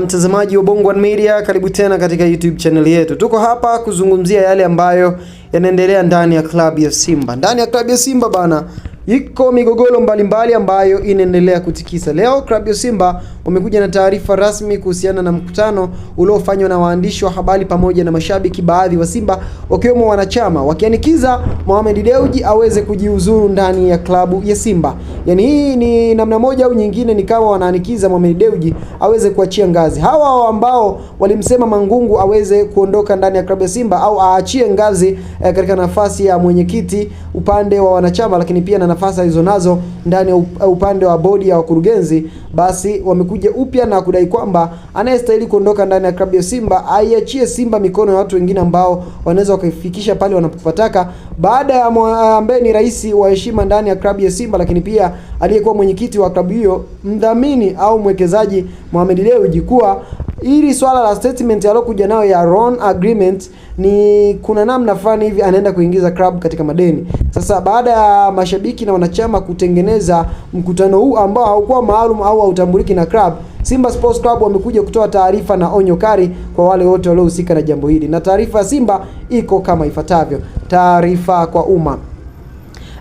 mtazamaji wa Bongo One Media, karibu tena katika YouTube channel yetu. Tuko hapa kuzungumzia yale ambayo yanaendelea ndani ya klabu ya Simba. Ndani ya klabu ya Simba bana, iko migogoro mbalimbali ambayo inaendelea kutikisa. Leo klabu ya Simba wamekuja na taarifa rasmi kuhusiana na mkutano uliofanywa na waandishi wa habari pamoja na mashabiki baadhi wa Simba wakiwemo wanachama wakianikiza Mohamed Dewji aweze kujiuzuru ndani ya klabu ya Simba. Yaani hii ni namna moja au nyingine, ni kama wanaanikiza Mohamed Dewji aweze kuachia ngazi. Hawa ambao walimsema Mangungu aweze kuondoka ndani ya klabu ya Simba au aachie ngazi eh, katika nafasi ya mwenyekiti upande wa wanachama, lakini pia na nafasi alizonazo ndani ya upande wa bodi ya wakurugenzi basi wamekuja upya na kudai kwamba anayestahili kuondoka ndani ya klabu ya Simba aiachie Simba mikono ya watu wengine ambao wanaweza wakaifikisha pale wanapopataka, baada ya ambaye ni rais wa heshima ndani ya klabu ya Simba, lakini pia aliyekuwa mwenyekiti wa klabu hiyo, mdhamini au mwekezaji Mohamed Dewji kuwa Hili swala la statement alokuja nayo ya loan agreement ni kuna namna fulani hivi anaenda kuingiza club katika madeni. Sasa baada ya mashabiki na wanachama kutengeneza mkutano huu ambao haukuwa maalum au hautambuliki na club, Simba Sports Club wamekuja kutoa taarifa na onyo kali kwa wale wote waliohusika na jambo hili, na taarifa ya Simba iko kama ifuatavyo. Taarifa kwa umma.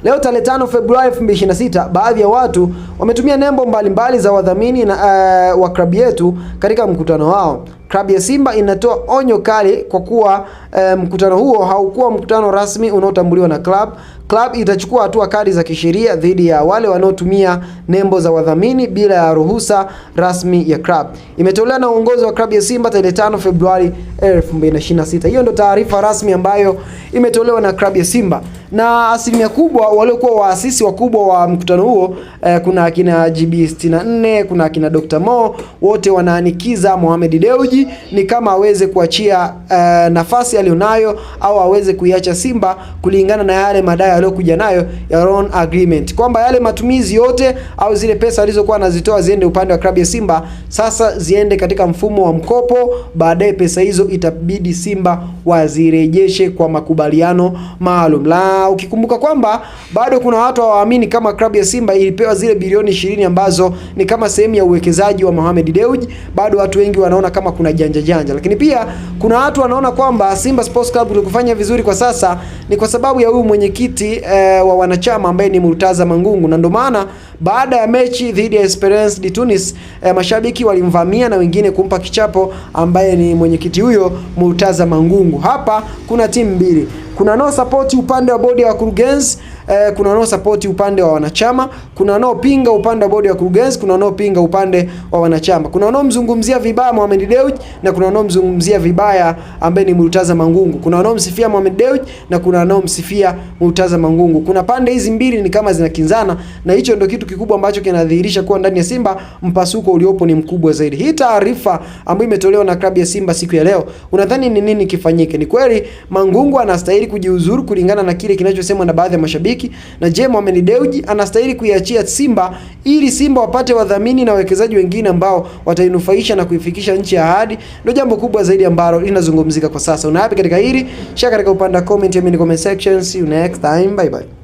Leo tarehe 5 Februari 2026, baadhi ya watu wametumia nembo mbalimbali mbali za wadhamini na, uh, wa klabu yetu katika mkutano wao. Klabu ya Simba inatoa onyo kali kwa kuwa eh, mkutano huo haukuwa mkutano rasmi unaotambuliwa na klabu. Club itachukua hatua kali za kisheria dhidi ya wale wanaotumia nembo za wadhamini bila ya ruhusa rasmi ya club. Imetolewa na uongozi wa klabu ya Simba tarehe 5 Februari 2026. Hiyo ndio taarifa rasmi ambayo imetolewa na klabu ya Simba na asilimia kubwa waliokuwa waasisi wakubwa wa mkutano huo eh, kuna akina GB64, kuna akina Dr. Mo, wote wanaanikiza Mohamed Deuji ni kama aweze kuachia eh, nafasi aliyonayo au aweze kuiacha Simba kulingana na yale madai aliyokuja nayo ya loan agreement, kwamba yale matumizi yote au zile pesa alizokuwa anazitoa ziende upande wa klabu ya Simba, sasa ziende katika mfumo wa mkopo. Baadaye pesa hizo itabidi Simba wazirejeshe kwa makubaliano maalum. La, ukikumbuka kwamba bado kuna watu hawaamini kama klabu ya Simba ilipewa zile bilioni 20 ambazo ni kama sehemu ya uwekezaji wa Mohamed Dewji, bado watu wengi wanaona kama kuna janja janja, lakini pia kuna watu wanaona kwamba Simba Sports Club kufanya vizuri kwa sasa ni kwa sababu ya huyu mwenyekiti mwenyekiti e, eh, wa wanachama ambaye ni Murtaza Mangungu, na ndio maana baada ya mechi dhidi ya Esperance de Tunis e, mashabiki walimvamia na wengine kumpa kichapo ambaye ni mwenyekiti huyo Murtaza Mangungu. Hapa kuna timu mbili, kuna no support upande wa bodi ya wakurugenzi eh, kuna wanaosapoti upande wa wanachama, kuna wanaopinga upande wa bodi ya kurugenzi, kuna wanaopinga upande wa wanachama, kuna wanaomzungumzia vibaya Mohamed Dewji na kuna wanaomzungumzia vibaya ambaye ni Murtaza Mangungu, kuna wanaomsifia Mohamed Dewji na kuna wanaomsifia Murtaza Mangungu. Kuna pande hizi mbili ni kama zinakinzana, na hicho ndio kitu kikubwa ambacho kinadhihirisha kuwa ndani ya Simba mpasuko uliopo ni mkubwa zaidi. Hii taarifa ambayo imetolewa na klabu ya Simba siku ya leo, unadhani ni nini kifanyike? Ni kweli Mangungu anastahili kujiuzuru kulingana na kile kinachosemwa na baadhi ya mashabiki Mashariki na je, Mohamed Dewji anastahili kuiachia Simba ili Simba wapate wadhamini na wawekezaji wengine ambao watainufaisha na kuifikisha nchi ya ahadi? Ndio jambo kubwa zaidi ambalo linazungumzika kwa sasa. Una yapi katika hili? Share katika upande wa comment, yaani comment section. See you next time. Bye bye.